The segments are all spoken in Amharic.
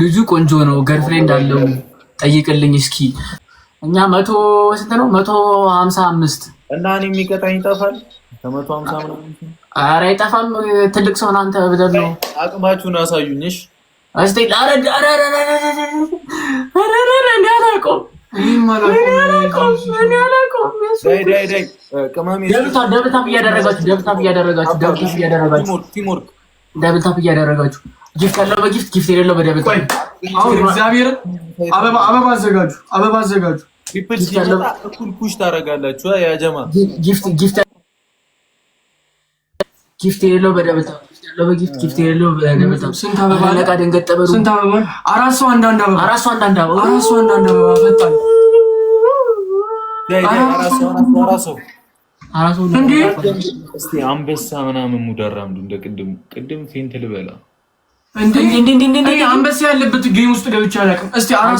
ልጁ ቆንጆ ነው፣ ገርፍሬንድ አለው ጠይቅልኝ እስኪ። እኛ መቶ ስንት ነው? መቶ ሀምሳ አምስት እና እኔ የሚቀጣኝ ይጠፋል። ከመቶ ሀምሳ ኧረ አይጠፋም። ትልቅ ሰው አንተ ብደል ነው። አቅማችሁን አሳዩኝሽ። ደብታፕ እያደረጋችሁ ደብታፕ እያደረጋችሁ ደብታፕ እያደረጋችሁ ጊፍት ያለው በጊፍት ጊፍት የሌለው በደብ እግዚአብሔር አበባ አዘጋጁ፣ አበባ አዘጋጁ። ፒፕል እኩል ኩሽ ታደርጋላችሁ። ያ ጊፍት ጊፍት ጊፍት የሌለው በደብት ጊፍት ጊፍት የሌለው በደብት። ስንት አበባ አለቃ ደንገጥ ስንት አበባ? አራት ሰው አንዳንድ አበባ፣ አራት ሰው አንዳንድ አበባ፣ አራት ሰው አንዳንድ አበባ። ፈጣን እንዴ! አንበሳ ምናምን ሙዳራምዱ እንደ ቅድም ቅድም ፌንት ልበላ አንበሳ ያለበት ጌም ውስጥ ገብቼ አላውቅም። እስኪ አራት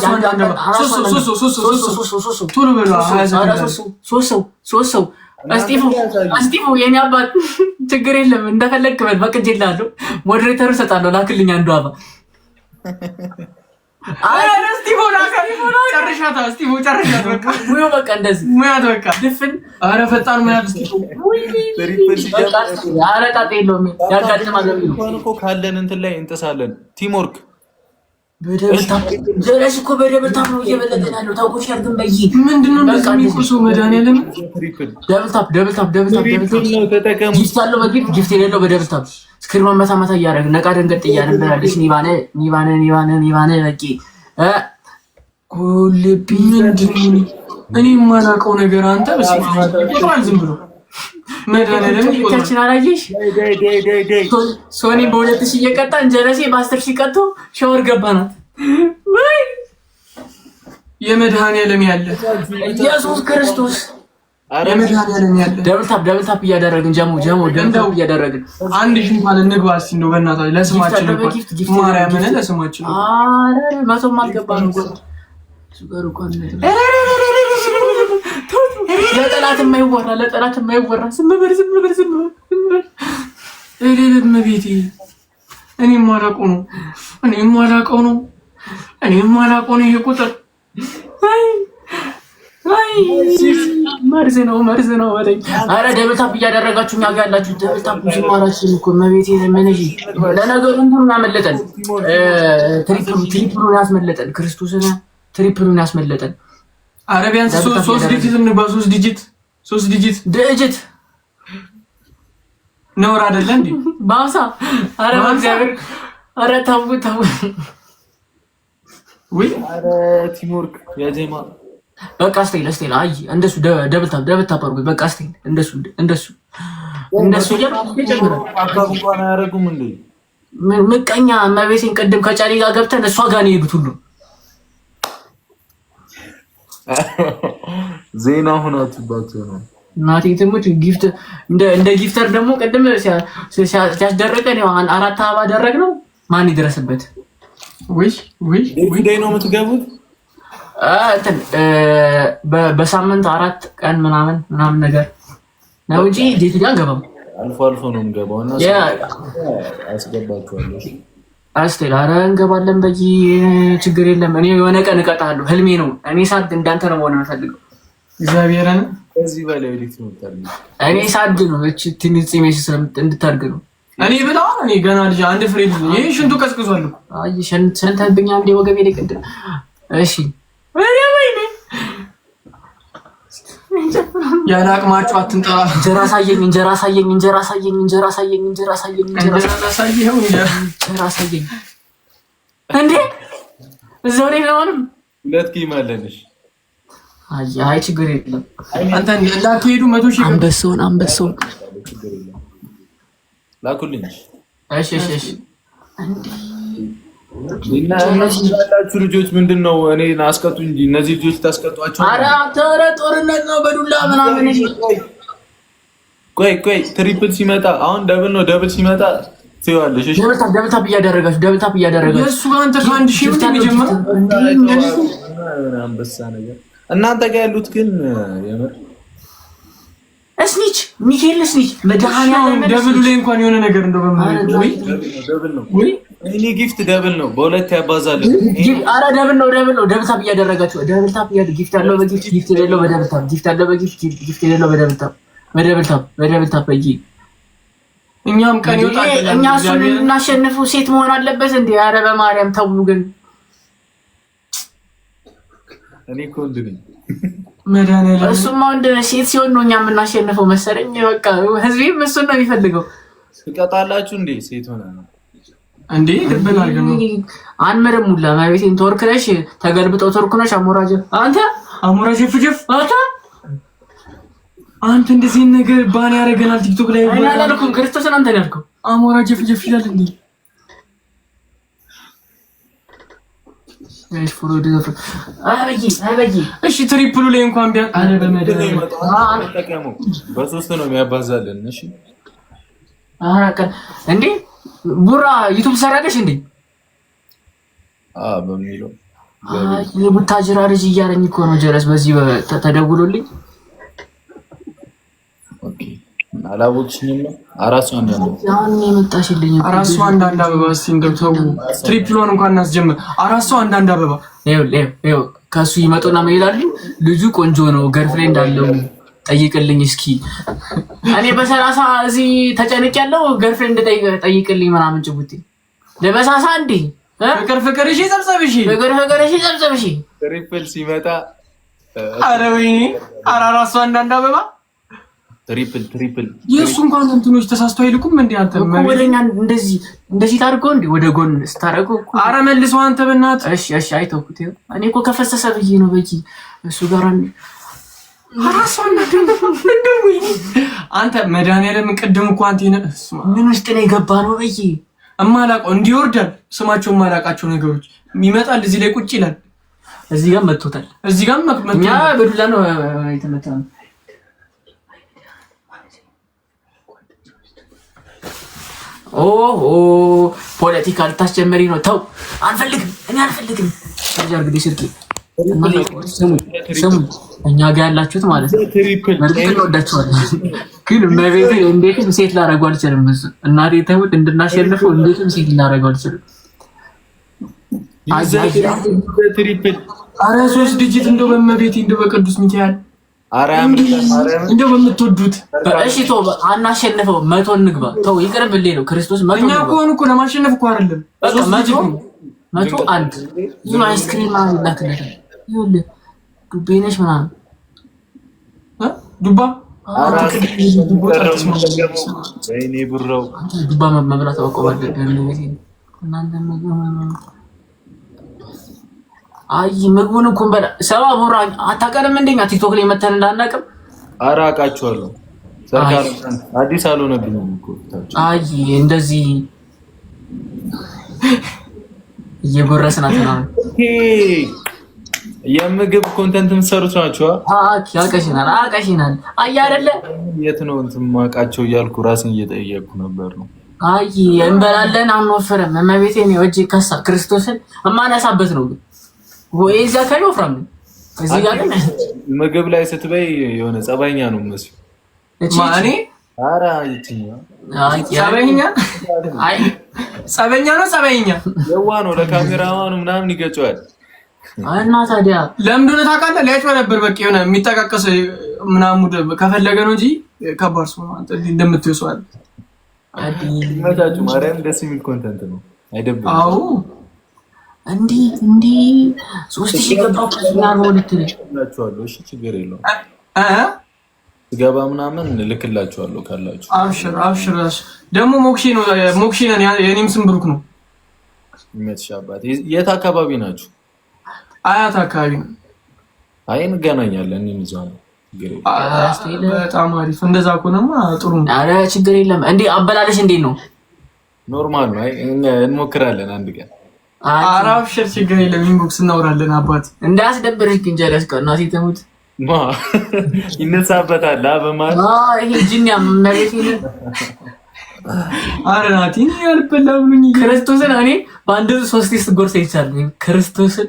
ሰው ሶስት ሰው የኔ አባት ችግር የለም እንደፈለግ በል በቅጅ ሞዴሬተሩ እሰጣለሁ ላክልኝ አንዱ አባ ጨረሻታ እስቲ በቃ በቃ እንደዚህ በቃ ድፍን። ኧረ ፈጣን የለውም ያጋጥማል። ካለን እንትን ላይ እንጥሳለን። ቲም ወርክ እኮ በደብል ታፕ ነው እየበለጠን ያለው። ታውቆሽ ያርግን በይ ምንድን ነው እንደዚህ የሚቆሰው? መድኃኒዓለም ደብል ታፕ ደብል ታፕ ደብል ታፕ ደብል ታፕ ጊፍት አለው በጊፍት ጊፍት የሌለው በደብል ታፕ ስክሪን መታ መታ እያደረግን ነቃ ደንገጥ ብላለች። ኒባነ ኒባነ ኒባነ ኒባነ በቂ እኔ የማላውቀው ነገር አንተ ዝም ብሎ መድኃኒዓለም አላየሽ ሶኒ በሁለት ሺህ በአስር ሺህ ቀጥቶ ሻወር ገባናት። የመድኃኒዓለም ያለ ኢየሱስ ክርስቶስ የመድኃኒዓለም ያለ ደብልታፕ ደብልታፕ እያደረግን ጀሞ ጀሞ ደብልታፕ እያደረግን አንድ ሺህ እንኳን እንግባ እስኪ እንደው በእናትህ ለስማችን ማርያምን ለስማችን መቶም አልገባንም። ለጠላት የማይወራ ለጠላት የማይወራ ዝም በል ዝም በል ዝም በል እልልም ቤቴ እኔ የማላውቀው ነው እኔ የማላውቀው ነው እኔ የማላውቀው ነው ይሄ ቁጥር መርዝ ነው መርዝ ነው በለኝ። አረ ደብልታፕ እያደረጋችሁ እኛ ጋ ያላችሁ ደብልታፕ እኮ ለነገሩ ያመለጠን ያስመለጠን ክርስቶስን ትሪፕሉን ያስመለጠን አረቢያን ሶስት ዲጂት እንባ ሶስት ዲጂት ሶስት ዲጂት ድእጅት ነውር አረ እግዚአብሔር አረ አረ ቲሞርክ በቃ አይ እንደሱ ደብል ታፕ ደብል ታፕ በቃ እንደሱ እንደሱ እንደሱ ምቀኛ ቅድም ከጫሌ ጋር ገብተን እሷ ጋር ነው የሄዱት ሁሉም ዜና ሆናችሁባቸው ነው። እናቴ ትሙት ጊፍት እንደ ጊፍተር ደግሞ ቅድም ሲያስደረቀን አራት አበባ አደረግ ነው። ማን ይድረስበት? ውይ ውይ ጉዳይ ነው የምትገቡት በሳምንት አራት ቀን ምናምን ምናምን ነገር ነው እንጂ ዴት ጋ ገባም አልፎ አልፎ ነው የምገባው እና አስገባችኋለሁ አስቴር ኧረ እንገባለን በይ ችግር የለም። እኔ የሆነ ቀን እቀጣለሁ። ህልሜ ነው። እኔ ሳድ እንዳንተ ነው መሆን የምፈልገው። እግዚአብሔርን እዚህ በላይ ወዴት ነው? እኔ ሳድ ነው። እቺ ትንሽ ጽሜሽ እንድታድግ ነው። እኔ ብላ እኔ ገና ልጅ አንድ ፍሬ ልጅ ነው። ይሄ ሽንቱ ቀዝቅዟል። አይ ሸንተብኛ እንደ ወገቤ ላይ ቅድም እሺ ያለ አቅማቸው አትንጠራ። እንጀራ ሳየኝ፣ እንጀራ ሳየኝ፣ እንጀራ ሳየኝ፣ እንጀራ ሳየኝ፣ እንጀራ ሳየኝ፣ እንጀራ ሳየኝ። እንዴ እዛው ላይ ነው። ሁለት ኪም አለንሽ። አይ ችግር የለም። አንተ እንዳትሄዱ መቶ ሺህ አንበሳውን አንበሳውን ላኩልኝ። እሺ እሺ እሺ። እንዴ እነዚህ ያላችሁ ልጆች ምንድን ነው? እኔ አስቀጡ እንጂ እነዚህ ልጆች ታስቀጧቸው። አረ አንተ ጦርነት ነው በዱላ ምናምን። ቆይ ቆይ ትሪፕል ሲመጣ አሁን ደብል ነው። ደብል ሲመጣ ትይዋለሽ። እሺ ደብል ታፕ እያደረጋችሁ፣ ደብል ታፕ እያደረጋችሁ እሱ አንተ ከአንድ ሺህ አንበሳ ነገር እናንተ ጋር ያሉት ግን የምር እስኒች ሚኬል እስኒች መድኃኒዓለም ደብሉ ላይ እንኳን የሆነ ነገር እንደው በማለት ወይ ደብል ነው ወይ እኔ ጊፍት ደብል ነው፣ በሁለት ያባዛል። አረ ደብል ነው፣ ደብል ነው። ደብል ታፕ እያደረጋችሁ ደብል ታፕ እያ ጊፍት ያለው በጊፍት ጊፍት የሌለው በደብል ታፕ ጊፍት ያለው በጊፍት ጊፍት የሌለው በደብል ታፕ በደብል ታፕ በደብል ታፕ በጂ እኛም ቀን ይወጣል። እኛ እሱን እናሸንፉ ሴት መሆን አለበት እንዴ? አረ በማርያም ተው። ግን እኔ እኮ ወንድ ነኝ። እሱማ ወንድ ሴት ሲሆን ነው እኛ የምናሸንፈው መሰለኝ። በቃ ህዝቤም እሱን ነው የሚፈልገው። ትቀጣላችሁ እንዴ? ሴት ሆነ ነው እንዴ ልብን አንመረም ሙላ ማቤቴን ቶርክ ተገልብጠው አንተ አሞራጅ ፍጅፍ አንተ አንተ እንደዚህ ነገር ባን ያደርገናል። ቲክቶክ ላይ አይና አላልኩም፣ ክርስቶስን አንተ ያልከው። ፍጅፍ ይላል እንዴ እሺ፣ ትሪፕሉ ላይ እንኳን በሶስት ነው የሚያባዛልን። እሺ እንዴ ቡራ ዩቱብ ሰራለሽ እንዴ? በሚለው የቡታጅራ ልጅ እያለኝ እኮ ነው ጀረስ በዚህ ተደውሎልኝ አላቦችኝም አራሱ የመጣሽልኝ አራሱ አንዳንድ አበባ እስኪ እንደው ተው ትሪፕሏን እንኳን እናስጀምር። አራሱ አንዳንድ አበባ ከእሱ ይመጡና መሄዳሉ። ልጁ ቆንጆ ነው፣ ገርፍሬንድ አለው፣ ጠይቅልኝ እስኪ እኔ በሰላሳ እዚህ ተጨንቅ ያለው ገርፍሬንድ ጠይቅልኝ ምናምን ጅቡቲ ለበሳሳ እንዲህ ፍቅር ፍቅር እሺ ጸብጸብ እሺ ፍቅር ፍቅር እሺ ጸብጸብ እሺ ትሪፕል ሲመጣ ኧረ ወይኔ ኧረ እራሱ አንዳንድ አበባ ትሪፕል ትሪፕል የእሱ እንኳን እንትኖች ተሳስቶ አይልኩም። እንዴ አንተ ወደኛ እንደዚህ እንደዚህ ታድርገው እንዴ ወደ ጎን ስታደርገው አረ መልሶ አንተ በእናትህ። እሺ እሺ አይተውኩት እኔ እኮ ከፈሰሰ ብዬ ነው በቂ እሱ ጋር አንተ መድኃኒዓለም ቅድም እኮ አንተ ምን ውስጥ ነው የገባ ነው በይ እማላውቀው እንዲህ ስማቸው የማላውቃቸው ነገሮች ይመጣል፣ እዚህ ላይ ቁጭ ይላል፣ እዚህ ጋር መጥቶታል። እዚህ ጋር መጥቶታል። ያ በዱላ ነው የተመታ ነው። ኦሆ ፖለቲካ ልታስጀመሪ ነው? ተው፣ አንፈልግም፣ እኔ አልፈልግም። ታጃር ግዴ ስልኬ እኛ ጋ ያላችሁት ማለት ነው። መርቅን ወዳችኋለን፣ ግን መቤት እንዴትም ሴት ላረጉ አልችልም። እናቴ ትሙት እንድናሸንፈው እንዴትም ሴት ላረጉ አልችልም። አረ ሶስት ድጅት እንደው በመቤት እንደው በቅዱስ ሚካኤል እንደው በምትወዱት እሺ፣ ተው አናሸንፈው፣ መቶ እንግባ። ተው ይቅርብልኝ ነው ክርስቶስ። እኛ ከሆኑ እኮ ለማሸነፍ እኮ አይደለም መቶ አንድ አይስክሪም ላክነት ዱቤ ነሽ ምናምን ዱባ ዱባ መብላት አይ ምግቡን እኮ እንበላ ሰባ ቡራ አታውቀንም። እንደኛ ቲክቶክ ላይ መተን እንዳናቅም ኧረ አውቃችኋለሁ። አዲስ አልሆነብኝም እኮ አይ እንደዚህ እየጎረስናት ነው የምግብ ኮንተንት የምትሰሩት ናቸው። አልቀሽናል አልቀሽናል። አይ አይደለ የት ነው እንትን ማውቃቸው እያልኩ ራስን እየጠየቅኩ ነበር ነው። አይ እንበላለን አንወፍርም። እመቤቴ ነው እጅ ከሳ ክርስቶስን የማነሳበት ነው። ግን ወይ እዚያ ካይ ወፍራም እዚህ ጋር ምግብ ላይ ስትበይ የሆነ ጸባይኛ ነው መስል ማኔ አራ ይትኛ ጸበኛ አይ ጸበኛ ነው ጸበኛ የዋ ነው ለካሜራማኑ ምናምን ይገጫዋል እና ታዲያ ለምን እንደሆነ ታውቃለህ? ሊያጭበ ነበር በቃ የሆነ የሚጠቃቀስ ምናሙድ ከፈለገ ነው እንጂ ከባድ ሰው እንደምትይው ሰው አለ። ማርያም ደስ የሚል ኮንተንት ነው አይደብም። አዎ እንዲህ እንዲህ ሶስት ሺህ ገባሁላችኋለሁ። እሺ ችግር የለውም ስገባ ምናምን ልክላችኋለሁ ካላችሁ። አብሽር አብሽር። ደግሞ ሞክሼ ነው ሞክሼ ነን። የኔም ስም ብሩክ ነው። የት አካባቢ ናችሁ? አያት አካባቢ ነው። አይ እንገናኛለን። እኔም እዛ በጣም አሪፍ። እንደዛ ከሆነማ ጥሩ ነው። ኧረ ችግር የለም። እንዴ አበላለሽ እንዴት ነው? ኖርማል ነው። እንሞክራለን አንድ ቀን። ኧረ አብሽር፣ ችግር የለም። ኢንቦክስ እናውራለን። አባት እንዳያስደብርሽ ግንጀል ያስቀር እናቴ ትሙት ይነሳበታል። በማለት ይሄ ጅን ያመመሬት አረ ናቲ ያልበላ ብሉኝ ክርስቶስን እኔ በአንድ ሶስት ስጎርሰ ይቻል ክርስቶስን